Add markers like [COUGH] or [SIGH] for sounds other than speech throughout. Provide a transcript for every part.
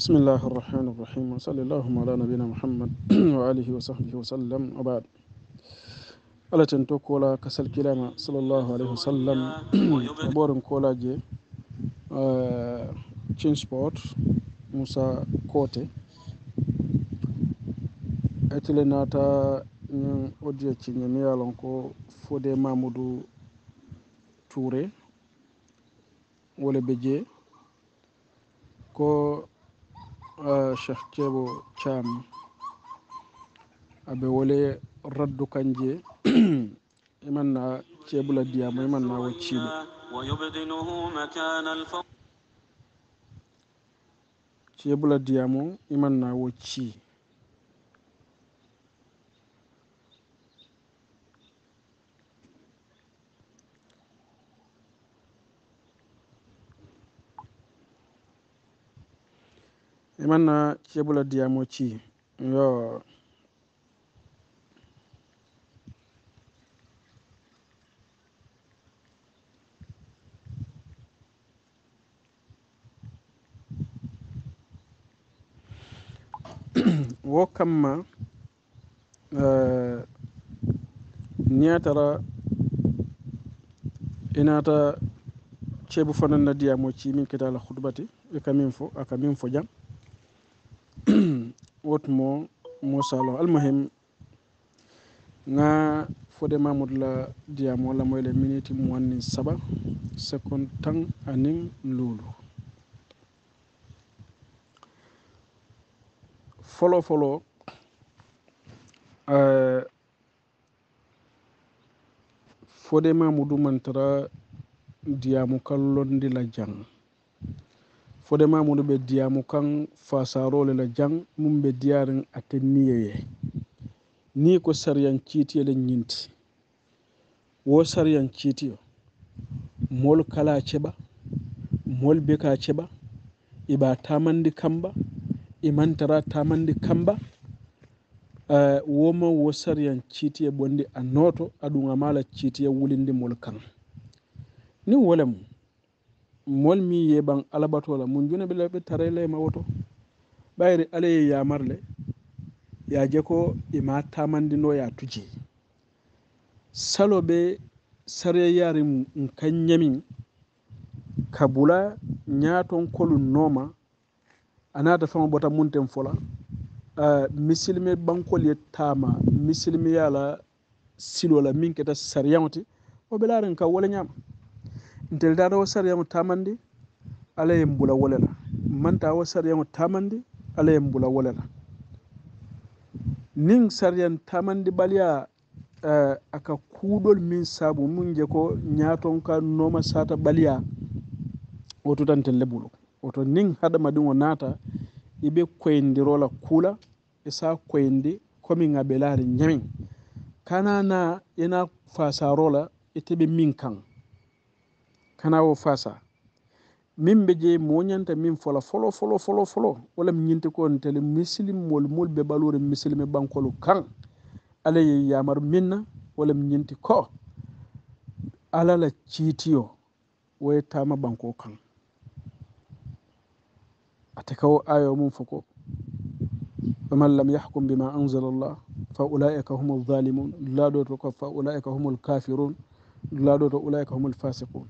بسم الله الرحمن الرحيم وصلى الله على نبينا محمد [CLEARS THROAT] وآله وصحبه وسلم وبعد ألا تنتو كولا كسل كلاما صلى الله عليه وسلم وبورن كولا جي تشين سبورت موسى كوتي أتلي ناتا نيو أوديو تشيني ميالونكو فودي مامودو توري ولا بيجي كو Ah, chekh ceebo caami aɓe wole raddu kanje imanna [CLEARS THROAT] e ceebula e diyamo imanna e wo ciiɓo ceebula diyamo imanna wo cii imanna e ceebula diyamo ci yo [CLEARS THROAT] wo kamma e, niyatara inata ceebu fonanna diyamo ci min kitala hudbati e ka min fo aka min fo jam wotmo mosalo almahim nga fode mamoudou la diyamo la moyle minuti mowanni saba second tan anin lulu folo folo eh, fode mamoudou mantara diyamo kallondi la jang fode mamudu ɓeddiyamo kan fasarole la jang mum ɓeddiyaren ate niyeye ni ko sariyan citiye le ñinti wo sariyan citiyo mol kala ceɓa mol beka ceɓa iɓa tamandi kamba imantara tamandi kamba uh, eh, woma wo sariyan citiye ɓondi a noto aɗum amala citiye wulindi mol kan ni wolemum molmi yeɓan alabatola mun jona ɓelaɓe tarayla e mawoto ɓayre alay e yamarle yaje ko ema tamandino ya tuje saloɓe sarya yari mum kanyamin kabula ñaton kolu nooma anata fama bota munten fola uh, misilme bankol ye tama misilme yala silola min keta sariyaŋo ti o ɓelaren ka wala ñama ntel daata wo sariyaŋo tamandi alla ye mbula wo le la manta wo sariyaŋo tamandi alla ye mbula wo le la niŋ sariyaŋ tamandi baliya uh, eh, a ka kuudolu miŋ saabu muŋ je ko ñaatoŋ ka nooma saata baliya wo tuta ntelu le bulu woto niŋ hadamadiŋo naata i be koyindiro la kuula e i se a koyindi komiŋ a belaari ñamiŋ kana naa i na faasaaro la ite e be miŋ kaŋ kana wo fasa min ɓe jeyi moñanta min folo folo folo folo folo wala mi ñinti ko ntele misilimol mol ɓe ɓalore misilime ɓankolo kan ala ye yamaru minna wala mi ñinti ko alala ciitiyo woye tama ɓanko kan ate kawo ayo mum foko faman lam yahkum bima anzala llah fa ulaika hum lzalimun laɗo to ko fa ulaika hum lkafirun laɗo to ulaika hum lfasikun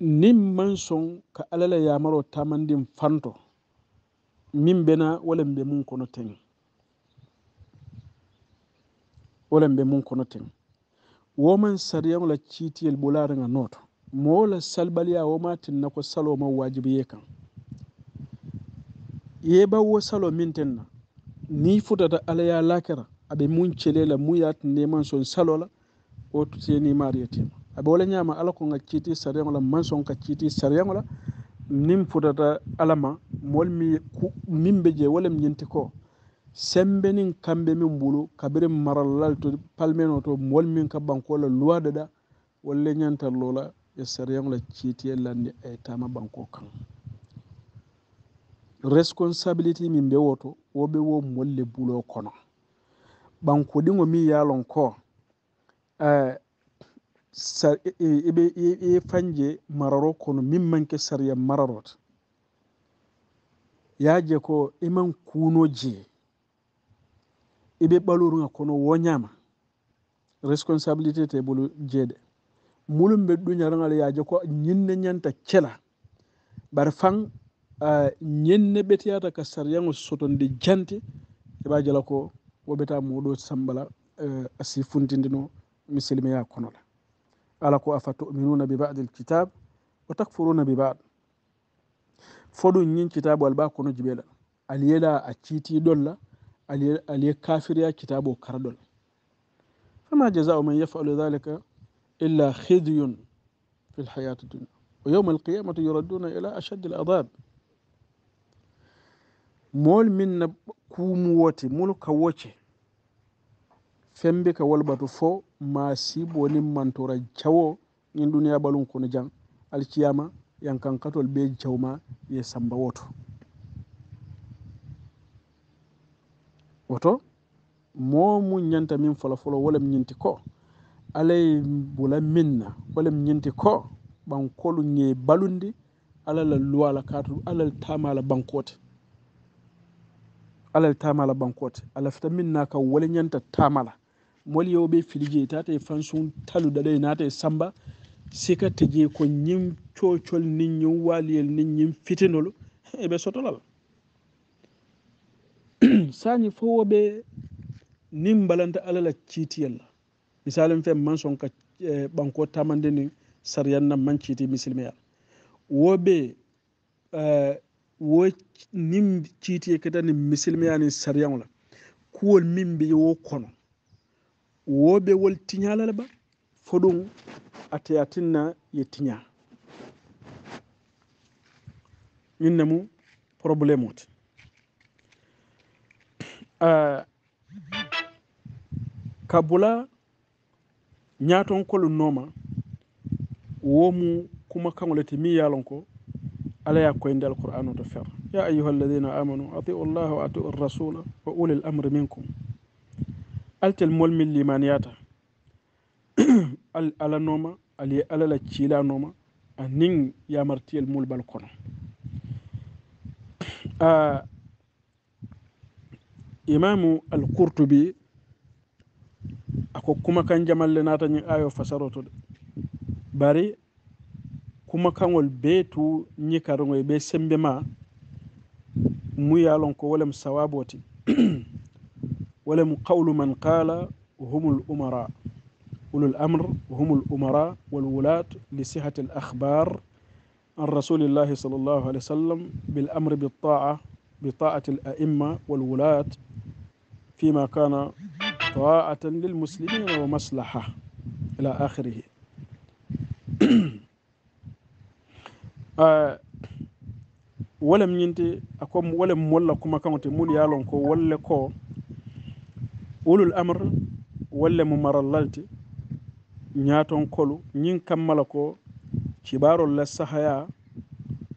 nin man son ka ala la yamaro tamandin fanto min bena walan be mun kono ten walan be mun kono ten woman sariyan la citiyel bolaranga noto mowo la salbaliya woma tin na ko salo ma wajibi ye kan ye ba wo salo min ten na ni futata ala ya lakira abe mun cele la mu ya tinde man son salo la wo tuteni mariyatema aɓe wola ñama ala ko gacciti sariyaŋo la mansoŋ kacciti sariyaŋo la nin futata ala ma mool mi min be je wolem ñinti ko sembe nin kambe min bulu kabiri marallal to palmeno to mool min ka e e e banko la luwa deɗa wolle ñantal lo la e sariyaŋo la ciitie landi aye tama banko kaŋ responsabilité min be wo to wo ɓe wo molle bulo kono ɓankoɗiŋo mi yalon ko eh, eɓe ee fanje mararo kono min manke sariya mararota yaaje ko eman kunoje eɓe ɓaluruga kono woñama responsabilité te bolu jeeɗe mulum ɓe ɗuñaraal yaaje ko ñinne ñanta cela bar fan ñinne ɓeteyata ka sariyago sotonde jante eɓa jala ko woɓeta muɗo sambala e, asi funtindino misilmeya konola alako ko afatuminuna bi badi lkitab wa takfuruna bi bad fo ɗum ñin kitabu alba kono jiɓeɗa aliyela a ciitiɗol la aliye kafiriya kitabu o fama jasau man yafalu dhalika illa khidyun fi lhayati dunya wa yauma alqiyamati yuraduna ila ashaddi aladab mool min na kuumuwote molu ka fembe ka wolbatu fo ma sibo ni mantora jawo in duniya ɓalum kono jang alciyama yankankatol ɓe jawma ye samba woto woto mo mum ñanta min folofolo wolem ñinti ko alay bula minna wolem ñinti ko ɓankolu ye balundi alala luwala kato alal tamala bankote alal tamala bankote alafita min naka wole ñanta tamala moliyo ɓe filije tata e fansion talu ɗaɗa e nata e samba sika tigi ko ñim coocol nin ñim waaliyel nin ñim fitinolo [LAUGHS] eɓe sotolal [CLEARS THROAT] sañi fo woɓe nin mbalanta alala ciitiyalla misali m fen mansion ka e, ɓanko tamande ni sariyanna man ciiti misilmeyal woɓe e, wo nin ciitiye kata ni misilmeya ni sariyanola kuwol min mbiyewo kono woɓe wol tiñalal ba fo ɗum a teya tinna ye tiña ñinne mum probléme ote [CLEARS THROAT] ah, ka bula ñatonkolu nooma womu kuma kaŋole te mi yalon ko ala ya koyinde alqur'an o to fer ya ayuha alladina amanu atiu llaha wa atiu rasula wa uli l'amre minkum altel molmin liman yata [CLEARS THROAT] al alanoma aliye alala cilanoma anin yamartiyel mulbal kono [CLEARS THROAT] imamu al courtubi ako kumakan jamalle natañin ayo fasaro to de bari kumakanŋol bee tu ñikaroŋo ye be sembe ma muyalon ko wolem sawabo ti [CLEARS THROAT] ولم قول من قال هم الأمراء أولو الأمر هم الأمراء والولاة لصحة الأخبار عن رسول الله صلى الله عليه وسلم بالأمر بالطاعة بطاعة الأئمة والولاة فيما كان طاعة للمسلمين ومصلحة إلى آخره [CLEARS THROAT] آه، ولم ينتي أكم ولم ولا كما كانت مولي يالون كو ولا كو wolul amre walle mo maral lalte ñaaton kolu ñin kammala ko cibaarol la sahaya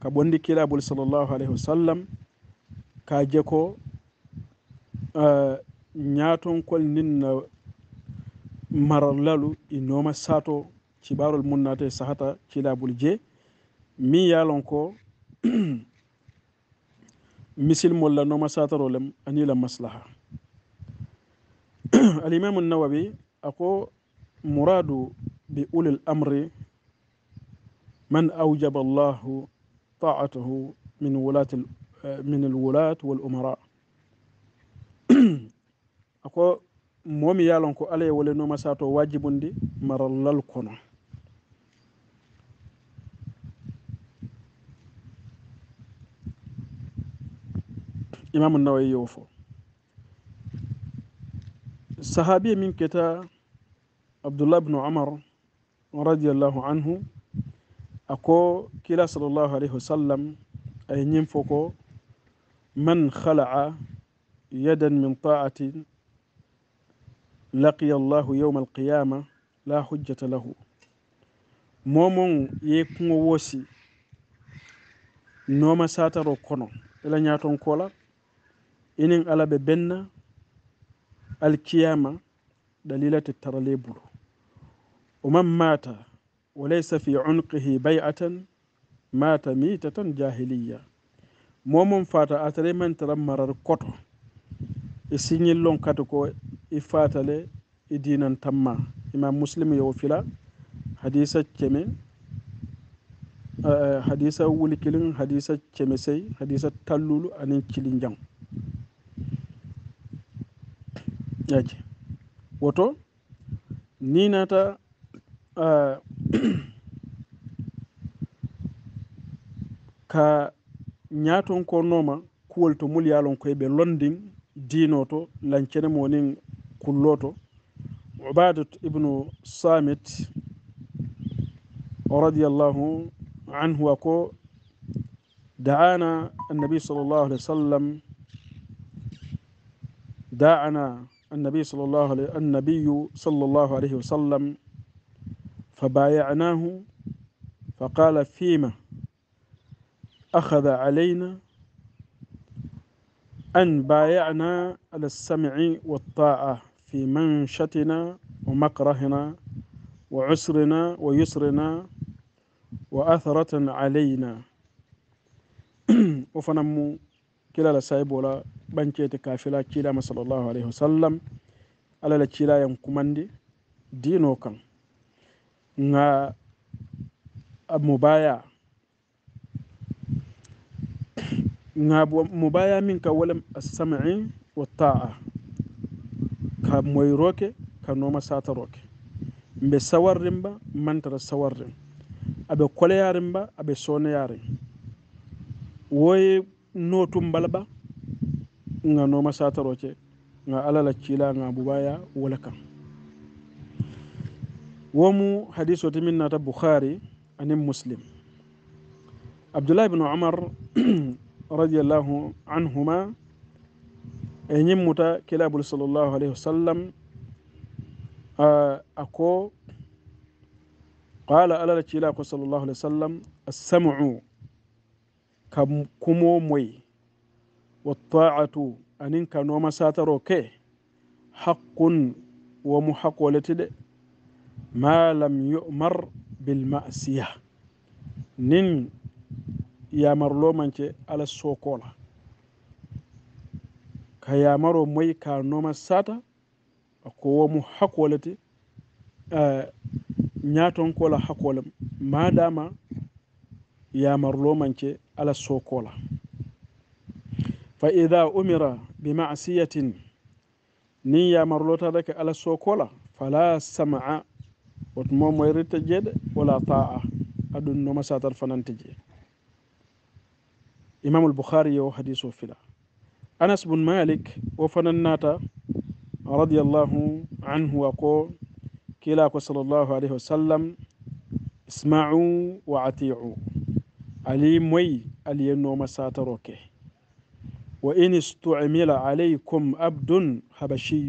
ka ɓonndi kilaabol salllahu alayhi wa sallam kaa je ko ñaatonkol nin na maral lalu e nooma saato cibaarol mum naata e sahata cilaabol je min yaalon ko [CLEARS THROAT] misilmol la nooma saatarolem anii la maslaha [CLEARS THROAT] alimamu nawawi ako muradu bi ulil amri man aujaba allahu taatahu min wulat eh, min alwulat walumara [CLEARS THROAT] ako momi yalon ko alaye wole noma sato wajibundi marallal kono imamu nawawi yowfo sahabiya e min keta abdullah bnu amar radiallahu anhu ako kila salllahu alayhi wa sallam aye ñimfo ko man halaa yadan min taati laqiya llahu yauma alqiyama la hujjata lahu momon ye kuŋo woosi nooma sataro kono ela ñaton kola inin ala ɓe benna alkiyama dalilata taralebul o man mata wa laysa fi unqihi bay'atan mata mitatan jahiliya momum fata atare man tara marar koto e signillon kata ko i fatale e, e dinan tamma imam muslim yo fila hadisa ceme eh, hadisa wulikilin hadisa ceme sey hadisa tallulu anin cilin jang moƴƴaji woto ninata [CLEARS THROAT] ka ñaton ko noma kuwol to mulyalon koye ɓe londin dinoto lancene mowonin kulloto ubadat ibnu samit radiallahu anhu wa ko daana annabi sallallahu alih wa sallam daana النبي صلى الله عليه النبي صلى الله عليه وسلم فبايعناه فقال فيما أخذ علينا أن بايعنا على السمع والطاعة في منشتنا ومكرهنا وعسرنا ويسرنا وأثرة علينا [CLEARS THROAT] وفنمو كلا لسايب ولا ɓancete kafila cilama sallllahu alayhi wa sallam alah la cilayan kumandi dino kan ga mobaya ga mobaya min ka walam assamai wa taa ka moyroke ka noma sataroke mbe sawarrin ba mantara sawarrin aɓe koleyarin ba aɓe soneyarin woye notumbal ba nga nooma saatarooce nga ala la ciila nga bubaaya wala kaŋ wo mu hadiso ti miŋ naata bukhaari aniŋ musilim abdulahi bnu omar [CLEARS THROAT] radiallahu anhuma e ñiŋ muta kilaabulu salallahu alayhi wa sallam a ko qaala ala la ciila ko salallahu alih wa sallam assamu ka kumoo moyi wattaatu anin ka noma sataro ke haqqun womu hakoletide ma lam yumar bilmasiya nin yamar lomance ala sokola ka yamaro moy ka noma sata ako womu hakolete ñatonkola hakolem madama yamar lomance ala sokola فإذا أمر بمعصية نيا مرلوتا لك على السوكولا فلا سمع وتمو ميرت جد ولا طاعة أدن نمسات الفنان إمام البخاري وحديثه فلا أنس بن مالك وفنناتا رضي الله عنه وقول كلاك صلى الله عليه وسلم اسمعوا وأطيعوا علي موي علي نوما ساتروكي وإن استعمل عليكم عبد حبشي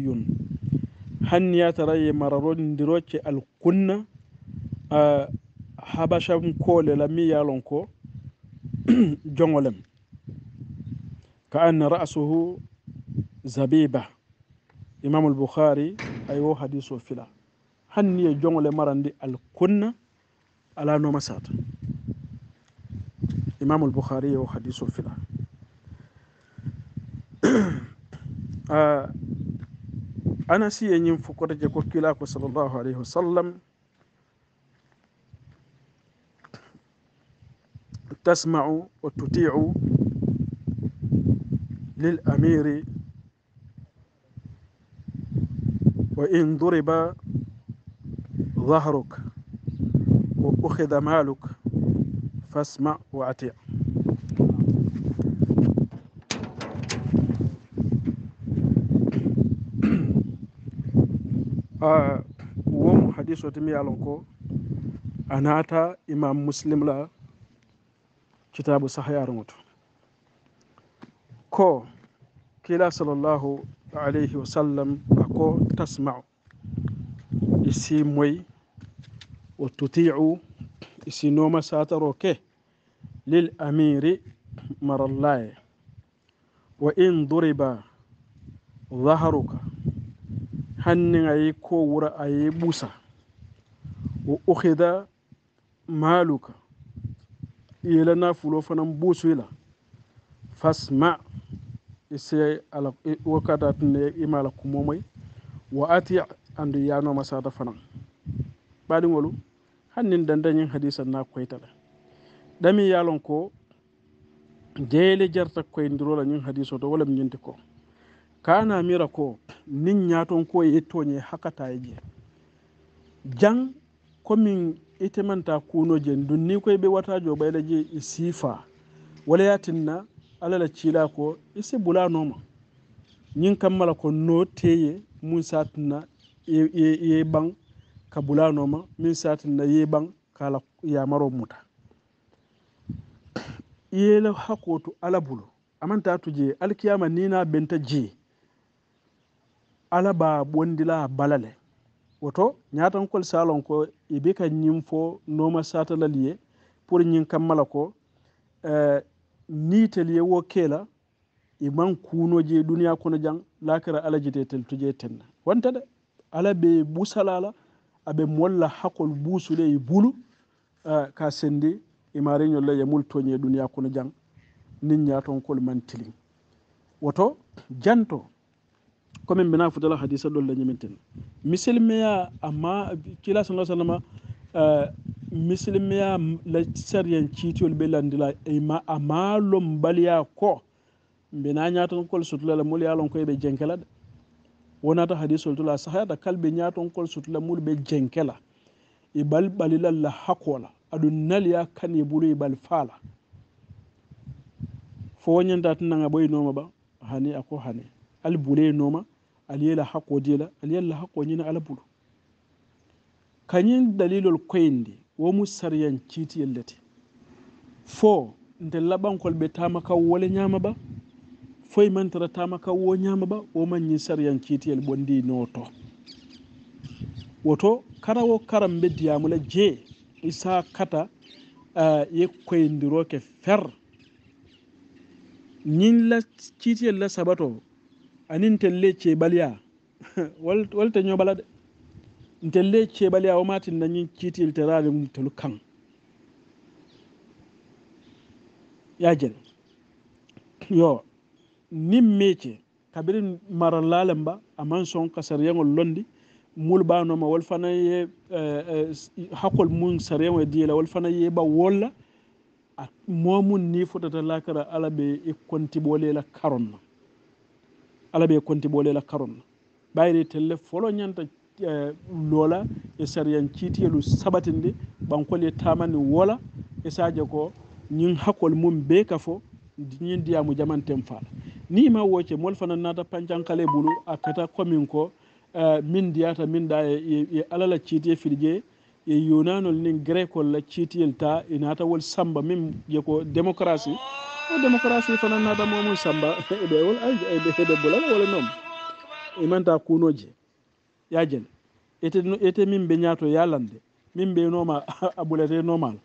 هن يا تري مررون دروك الكن آه، حبشم كول لمي يالونكو [CLEARS THROAT] جونولم كأن رأسه زبيبة إمام البخاري أيوه حديث فلا هن يا جونول مرندي الكن على نومسات إمام البخاري وحديث أيوه، فلا [COUGHS] آه، أنا سي أن ينفق رجلك صلى الله عليه وسلم تسمع وتطيع للأمير وإن ضرب ظهرك وأخذ مالك فاسمع واعتق uh, wom hadis o timi alon ko a naata imam muslim la kitabu sahayarngo to ko kila salllahu alayhi wa sallam ako tasmau isi moy wa tutiu isi noma sataro ke lil amiri marallaye wa in duriba dhaharuka kowura ko yi busa wa maluka maaluka yela fulo fana busu ila fasma tun ala ya yi imala kumomai wa ati andu yano masata fana badi walu hannin dandanyin hadisan na tada dami yalon ko jele jarta koy ndirola yin hadiso to wala min kanamira ko nin yaton ko yettoñe hakkataye je jang komin itemanta kunoje dunni koye ɓe watajo ɓayla je e siifa wala yatinna ala la cila ko e si bulanoma ñin kammala ko no teye mun satinna ye ɓan e, e ka bulanoma min satinna ye ɓan kala yamaro muta yela hakkotu ala bulu amantatu je alkiyama nina benta jee alaba ɓondila balale woto ñatankol salon ko ibi e ka ñin fo noma satalalie pour ñin kammala ko eh, niitelie wo keela i e man kunoji duniya kono jang lakira ala jite tel tuje tenna wonta de ala ɓe busalala aɓe molla hakol busule i e bulu uh, ka sendi imariñolle yemul toñe duniya kono jang nin ñatonkol man tilin woto janto comme mbina futala hadisa ɗol leñamin ten misilmeya ama kila sa ah sallama euh, misilmeya la sarien ciitiyol ɓe landila ma a maalon mbaliya ko mbina ñatonkol sutulala mul yalon koye ɓe jenkela ɗe wonata hadisol tula sahayata kal ɓe ñatonkol sutula mul ɓe jenkela i ɓal ɓalilalla hakola aɗum naliya kan yebulu i ɓal faala fo wonñanta tinaga ɓoy nooma ɓa hani a ko hani al bule nooma ala yela hakko dila ala yella hakko ñina ala bulu kañin dalilol koyinde womu sariyan ciiti yellete fo nde laɓankol ɓe tamaka wole ñama ɓa foyi mantara tamaka wo ñama ɓa woman ñin sariyan ciitiyel ɓondi noto woto kara wo karam ɓeddiyamula je isa kata eh, ye koyindiroke fer ñin la ciitiyel la saɓato anin telle ceɓaliya [LAUGHS] wolte ñoɓala ɗe telle ceɓaliya womati dañi ciiti iltérare mum tolu kan yajene yo nin mece kabiri marallalen ba aman son ka sariyaŋol londi mulu ɓanoma wol fana ye eh, eh, hakkol mum sariyaŋo e diyela wol fana ye ɓa wolla a momum ni fotata lakara ala ɓe e kontiɓolela karonna ala ɓe konti ɓo lela karonna ɓayri telle folo ñanta e, loola e sariyan ciitiyelu saɓatinde ɓankolli tamani wola e saaje ko ñin hakkol mum be ka fo ñin diyamu jamanten faala ni ma wocce molfana nata pancankale bulu a kata commune ko e, min ndiyata min da e, e alala ciitiye fiɗje e yunanol nin grecol la ciitiyel ta e nata wol samba min je ko démocratie o ah, démocratie fananadamomum samba [LAUGHS] ɓe wol debbolan wole noon imanta e kunoje ya dien ete ete min ɓe ñaato yalande min ɓe noma [LAUGHS] a ɓolete normal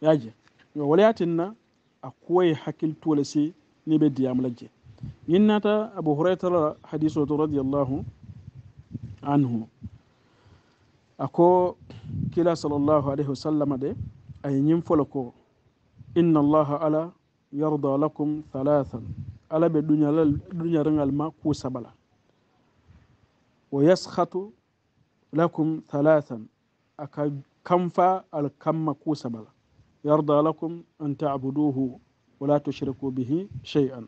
ya dien yo wole yatinna a kuwoye hakkil tuole si ni ɓe diyamla dje ñin nata abou hourayrata hadise o to radiallahu anhu ako kila sallllahu aleyhi wa sallama de ay ñin folo ko inna allaha ala يرضى لكم ثلاثا ألا بدنيا الدنيا رنال ما كوسبلا ويسخط لكم ثلاثا كمفا الكم كوسبلا يرضى لكم أن تعبدوه ولا تشركوا به شيئا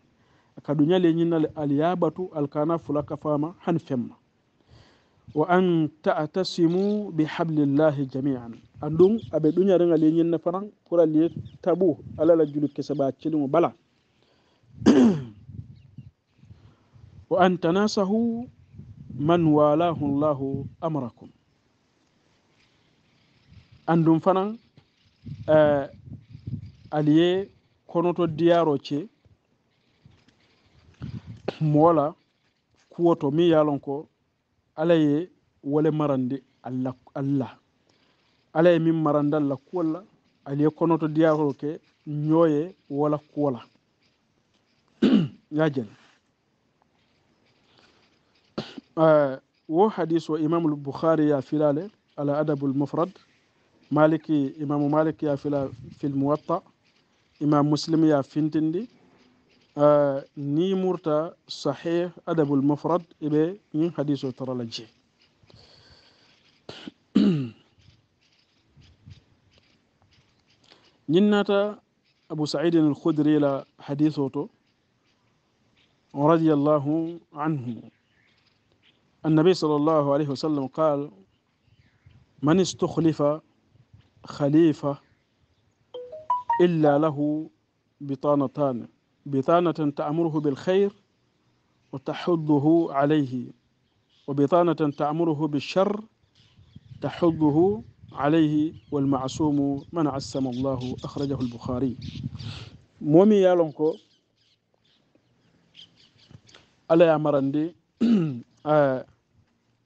كدنيا لينا اليابة الكناف لك فاما حنفما وأن تعتسموا بحبل الله جميعا andum aɓe ɗuñaringa leñinne fanan pour a liye tabu alalah julu kese ɓa celimo bala [CLEARS THROAT] wa an tanasahu man walahu llahu amarakum andum fanan uh, aliye konoto diyaro ce moola kuwoto mi yalon ko alaye wole marande allah ala ye min mara la kuwol la ali ye konoto diyarol ke ñooye wala kuwola ya jani wo hadis imamu lbukhari ya filale ala adabu lmufrad maliki imamu malik ya fila fil muwatta imam muslim ya fintindi ni murta sahih adabu lmufrad ibe ñin hadiso o tarala jee نناتا أبو سعيد الخدري إلى حديثه رضي الله عنه النبي صلى الله عليه وسلم قال من استخلف خليفة إلا له بطانتان بطانة تأمره بالخير وتحضه عليه وبطانة تأمره بالشر تحضه alayhi walmasumu man assama llahu akhrajahu lbukhari momi yalon ko ala ya marandi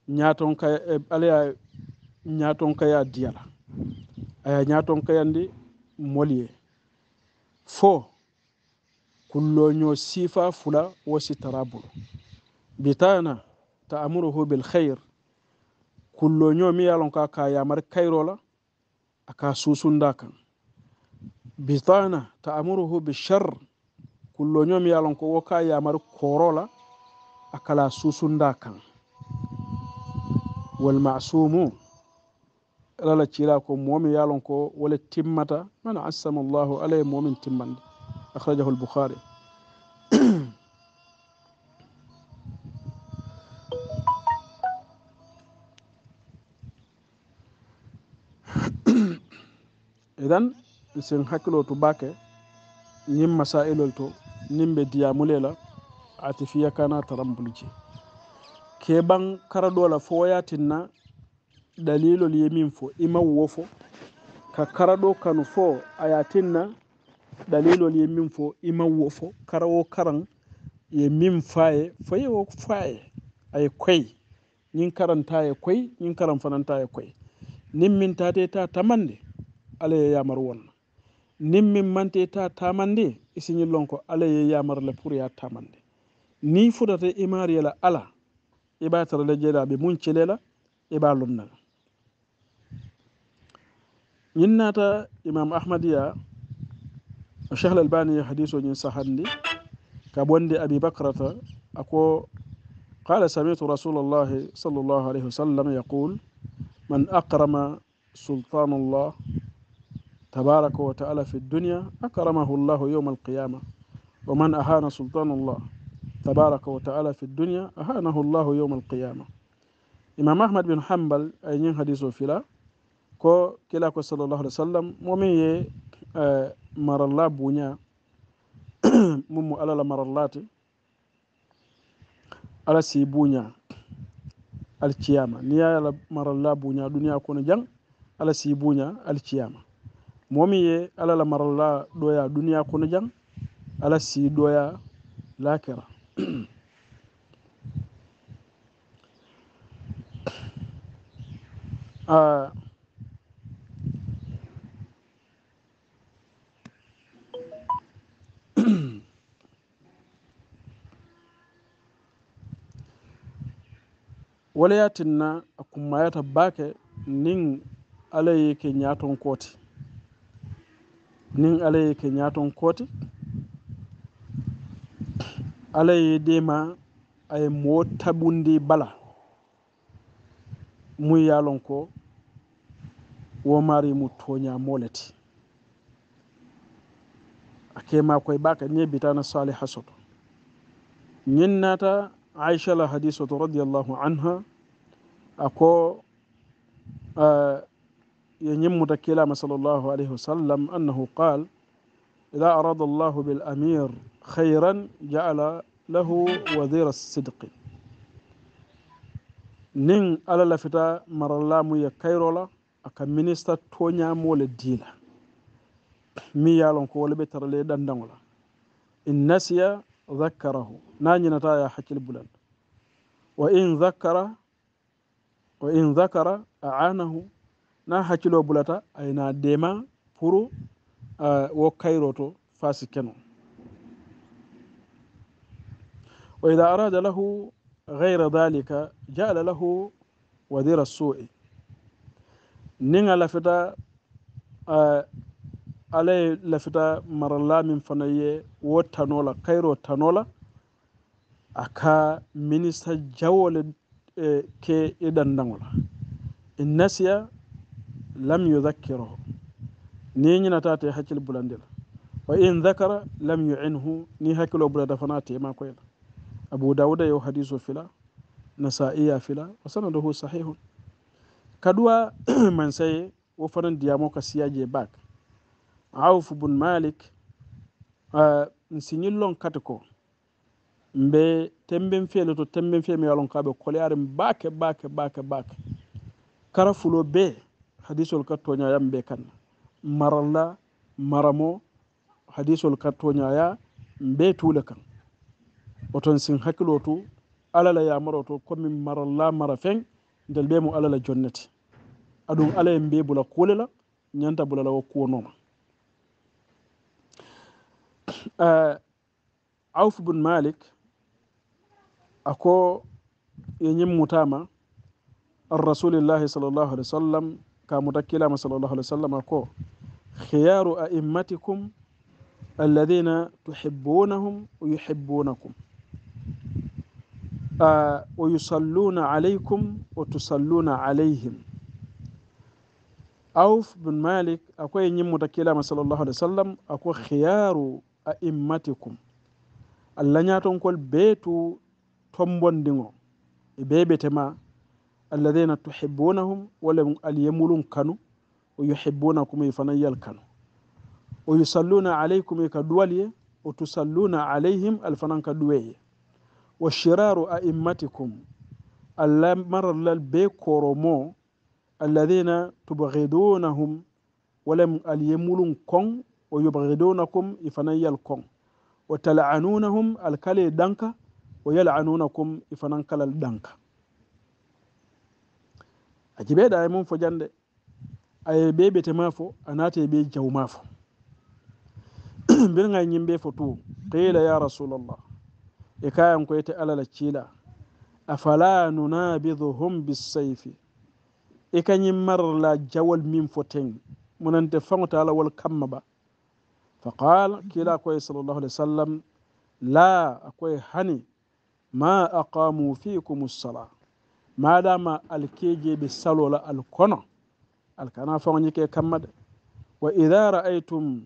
ñatonkaala [CLEARS THROAT] ya ñatonkaya diyala aya ñatonkayandi molye fo kulloño sifa fula wo sitara bulu bitana ta amuruhu bilkhayre kulloñoo mi yaa lon ko aka yamar kayro la aka susunda kan bitana taamuruhu bichar kulloñoo mi yaa lon ko wo ka yamar koro la akala susunda kan walmasumu alala cila ko momi yaa lon ko wole timmata man asama llahu alaye momin timmande akrajahu lbuhari sen hakkilo to bake ñin masailol to nin ɓe diyamulela ati fiya kana tarambulji keɓan karaɗola fo wayatinna dalilol yemin fo imaw wo fo ka karaɗo kanu fo ayatinna dalilol yemin fo imaw wo fo karawo karan ye min faye foyewo faye aye koy ñin karanta ye koy ñin karan fananta ye koy nin min tate ta tamande alaye yamaru wonna nin mante ta tamande i siñillon ko ala ye yamarla pour ya tamande ni fudata imariyala ala i le jeda be mun celela e ɓa lomnala ñin imam ahmadiya cheikh l albani hadis o ñin sahandi ka bonde abibacrata ako قال سمعت رسول الله صلى الله عليه وسلم يقول من أقرم سلطان الله tabaraka wa taala fi duniya akramahu llahu yauma alqiyama wa man ahana sultana llah tabaraka wa taala fi duniya ahanahu llahu yauma alqiyama imam ahmad bin hambal ay ñin hadis o fila ko kila ko sal llahu alih w sallam momin ye uh, maralla buña [CLEARS THROAT] mummu alala marallate ala si buña alciyama niyaala maralla buña duniya kono jang ala si buña alciyama momi ye ala la marala ɗoya duniya kono jang ala si ɗoya lakira [CLEARS THROAT] ah, waleyatinna a kummayata bake nin alaye ke ñaton kooti nin alaye ke ñaton koote alaye dema ay mo tabundi bala muy yalon ko womari mu toña molati akema koye ɓaka ñe bitana saliha soto ñin nata aicha la hadisoto radiallahu anha ako uh, ينمد كلام صلى الله عليه وسلم أنه قال إذا أراد الله بالأمير خيرا جعل له وزير الصدق نين على لفتا مر الله مي كيرولا أكا منيستا تونيا مول الدين مي يالون كو بيتر لي دندنولا إن نسي ذكره ناني نتايا حكي البلد وإن ذكر وإن ذكر أعانه na hakkilo bulata ayna dema pour uh, wo kayro to fasi keno wa ida arada lahu gayra dalika jala lahu wadira sui nin a lafita uh, eh, alaye lafita maralamin fanaye wo tanola kayro tanola a ka ministe jawole eh, ke i dandaŋola innasiya lam yudakkiroho ni ñinatate hakkille bulandel wa in dakara lam yuinhu ni hakkilo bula dafana tema koyel abu dawuda yo hadis o fila nasaia fila wa sanadahu sahihun kaduwa [CLEARS THROAT] man saye wo fanan diyamo ka siyaji e bak auf bun malik n siñillon kati ko mbe temben feele to temben feemi yalon kaɓe koleyari bake bake bake bake kara fulo bee hadisol kattoñaya mbe kan maralla maramo hadisol kattoñaya mbe tuule kan oton sin hakkilo to alala yamaro to commin maralla mara feng ndel ɓe mo alala jonnete aɗum alaye mbe bula kuule la ñanta bulala wo kuwonoma eh, auf bun malik ako yeñimmutama alrasulillahi sallllahu alih wa sallam kamu dakkilama sallllahu alih wa sallam ko khiyaru aimmatikum alladina tuhibbunahum yuhibbunakum wa yusalluna alaykum wa tusalluna alayhim auf bin malik ako e ñimmu dakkilama sallllahu alih wa sallam ako khiyaru aimmatikum allah ñaton kol beetu tombondingo e beɓetema alladina tuhibunahum walam alyamulun kanu o yuhibunakum i e fana yal kanu o yusalluna alaykum i e ka duwal ye o tusalluna alayhim alfanan ka duwe ye wa shiraru aimmatikum allamarallal be koromo alladina tubhidunahum walam alyamulun kon o yubhidunakum i e fana yal kon wa talanunahum alkale danka o yalanunakum i fanan kalal danka a jibeeɗa e mum fo jannde a e ɓeɓete ma fo a naate ɓe jaw ma fo [CLEARS THROAT] mbirga ñimɓe fo tuwo qila ya rasulallah e kayan koyte alala ciila afala nunabiduhum bisayfi e kañim marla jawol min fo ten munante faŋota alawol kamma ɓa fa qal kila koye sal llahu alih w sallam la akoye hani ma aqamu fikum lsala ما دام بسالو بسالولا الكونا الكنا فونيكي كمد وإذا رأيتم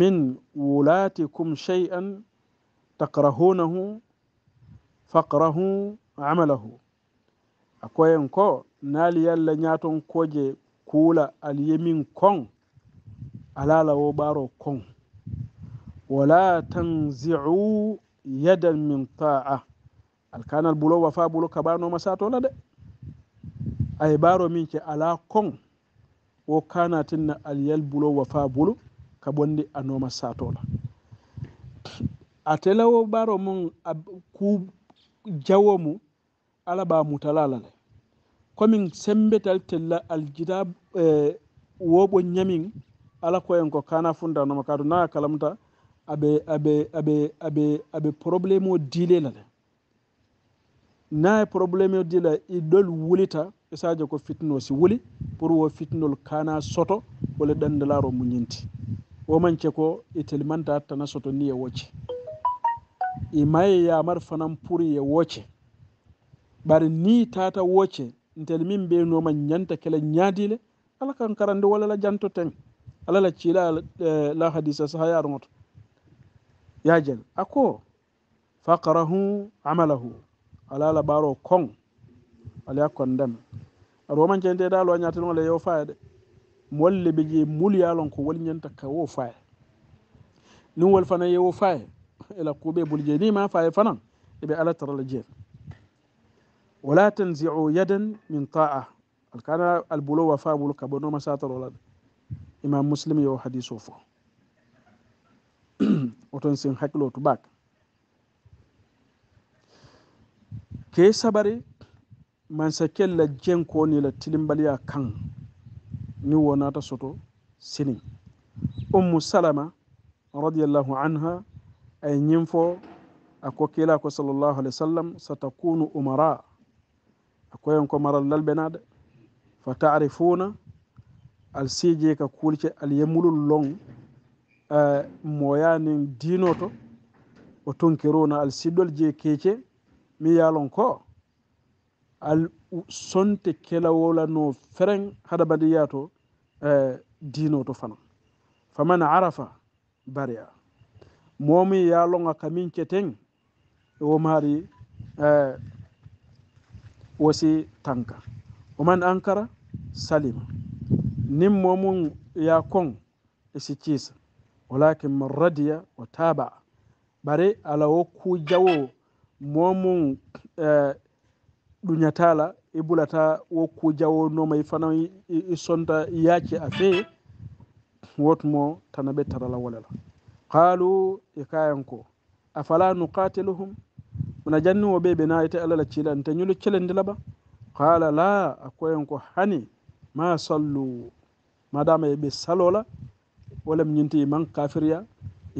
من ولاتكم شيئا تكرهونه فقره عمله أكوين كو نالي اللنياتون كوجي كولا اليمين كون ألا لو بارو كون ولا تنزعوا يدا من طاعه alkanal bulo wafa bulo kaɓanoma satola de aye ɓaro min ke ala kon wo kana tinna alyal bulo wafa bulo ka ɓondi a noma satola a telawo ɓaro mon ku jawomu ala ɓa mutalala le komin sembetal tella aljida e, woɓo ñamin ala koyen ko kana funda noma kadu naa kalamta aɓe aɓe aɓe aɓe aɓe probléme o dilela le nayi e probléme o di la i ɗol wulita e sadio ko fitnoo si wuli pour wo fitnol kana soto wole ɗandelaaro muñinti womance ko itel manta tana soto ni e wocce i maye yamar fanan pour ye wocce bar ni tata wocce ntel min ɓeynoma ñanta kele ñaadile ala kankarande walala janto ten ala la cila eh, la hadisa saha yarogoto yajel a ko faqarahu amalahu ala labaro kon alaya condeme aɗa womanceente da loñate noon ala e yo faya de molle be jee muliyalon ko walñanta ka wo faya nin wol fana yewo faya ela kuɓe e bol jeenima faya fana eɓe ala tarala jeen wala tanzio yadan min taa alkana albulo wa fabulo ka bonoma satarola de imam muslim yo hadis o fo [CLEARS THROAT] oton sin hakkilo to baka ke sabari mansakel la jen ko ni la tilimbaliya kan ni wonata soto sini ummu salama radiallahu anha aye ñinfo a ko kila ko salllahu alih wa sallam satakunu umara a koyen ko maral lalɓenade fa taarifuna al siji ka kulce al yemulul long eh, moyanin dino to o tonkiruna al siddol je keece mi yalon ko al sonte kelawolano feren hadabadiya to e dino to fana faman arafa bariya momi yalonga kamin keten womari e wosi tanka oman ankara salima nin momum ya kon esi kisa walakin man radiya wa taba bare alawo ku jawo momum eh, ɗuñatala e ɓulata wokku jawonomay fana i sonta yaace a fee wotmo tana ɓe tarala wolela qaalu e kayanko afala nuqateluhum mona janni wo ɓe ɓe nayite alala cilante ñolu celendilaɓa qala la a koyanko hani ma sallu madama eɓe salola wolam ñinti iman kafirya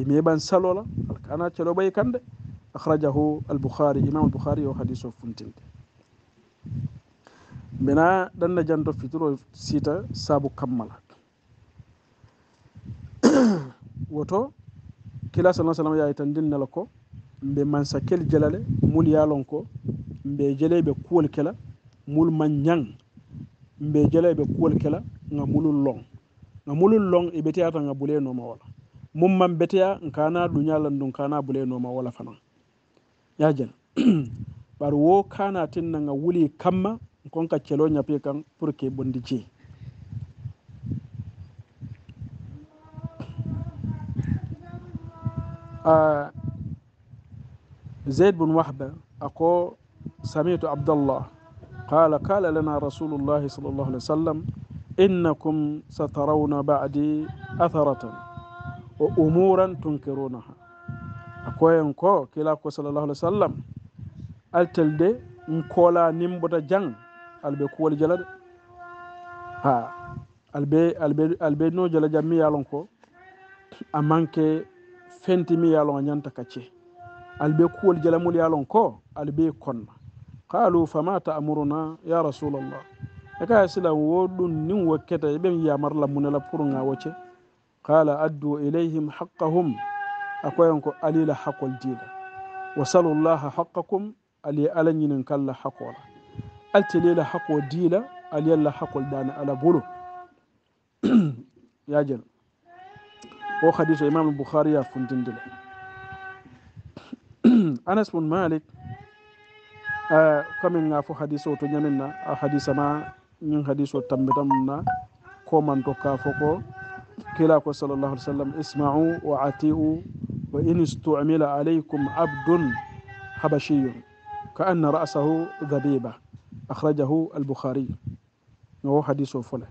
imeɓan e salola alkana celoɓay kande akhrajahu albouhari imam albouhari o hadis o funtinde mbena ɗanna janto fitiro sita saabu kammala [COUGHS] woto kila sala sallam yaawi tan dinnala ko mbe mansakel jalale mul yalon ko mbe jeleɓe kuwol kela mul man ñang mbe jeleɓe kuwol kela ga mulul long ga mulul long e ɓeteyata ga bule nooma wala mum man beteya kana duñalan ɗum kana bule nooma wala fanan yajan [CLEARS THROAT] ɓar wo kana tinnaga wuli kamma konka celo ñape kan pour que bondi jee zeyd bun wahba ako samitu abdallah qala kala lana rasulullahi sal llahu alih wa sallam innakum satarawna badi atharatan wa umuran tunkirunaha koyen ko kilako sallallahu alih w sallam altel de nkoola nimbota jang alaɓe kuwoli jala ɗe ha alaɓe alaɓe alaɓe no jala jam mi yalon ko a manque fenti mi yalon a ñanta kacce alaɓe kuwoli jala mul yalon ko alaɓe konna qalu fama ta amuruna ya rasulallah eka silam wo ɗum nin wokketa eɓen yamarla munela pour ga wocce qala addu ilayhim haqqahum akoyon ko alila hakkol diida wa salu llaha haqqakum ali alañinin kalla hakkola alti lila hakko diila aliyalla hakkol dana ala bolo [CLEARS THROAT] yajen o hadis imam boukhari ya funtindila [CLEARS THROAT] anas mun malik komin ga fo hadis o to ñaminna a hadisa ma ñin hadis o tambitamumna ko man to ka fo ko kila ko sallallah alih w sallam ismau wa atiu wa in istumila alaykum abdun habashiyun ka anna rasahu dabiba akhrajahu albukhariyu wo hadis o fole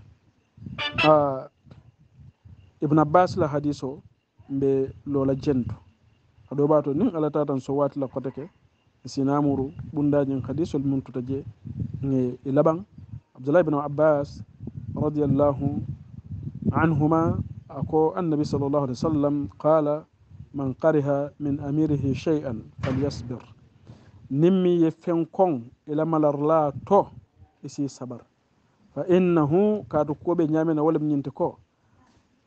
a ibne abbas la hadis o mbe lola jentu aɗo ɓato nin ala ta tan so wati la koteke sinamuru ɓundañin hadisol muntuta je e laɓan abdoulah ibne abbas radiallahu anhuma ako annabi sallllahu alih wa sallam qala man qariha min amirihi chey an falyasbir nimmi ye fen kon ilamalarla e to isi e sabar fa innahu kaatu koɓe ñamina walla mi ñinte ko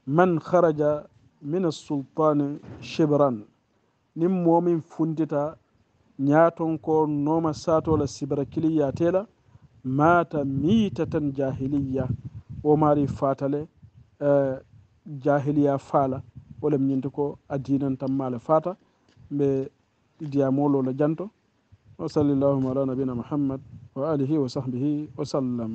man haraja min asultani chibran nin momin funtita ñaaton ko noma satola sibra kiliya tela mata miitatan jahiliya o maari fatale eh, jahiliya faala wolem ñinta ko adinan tan maale fata ɓe diya molole janto wa salli llahuma ala nabina muhammad wa alihi wa sahbihi wa sallam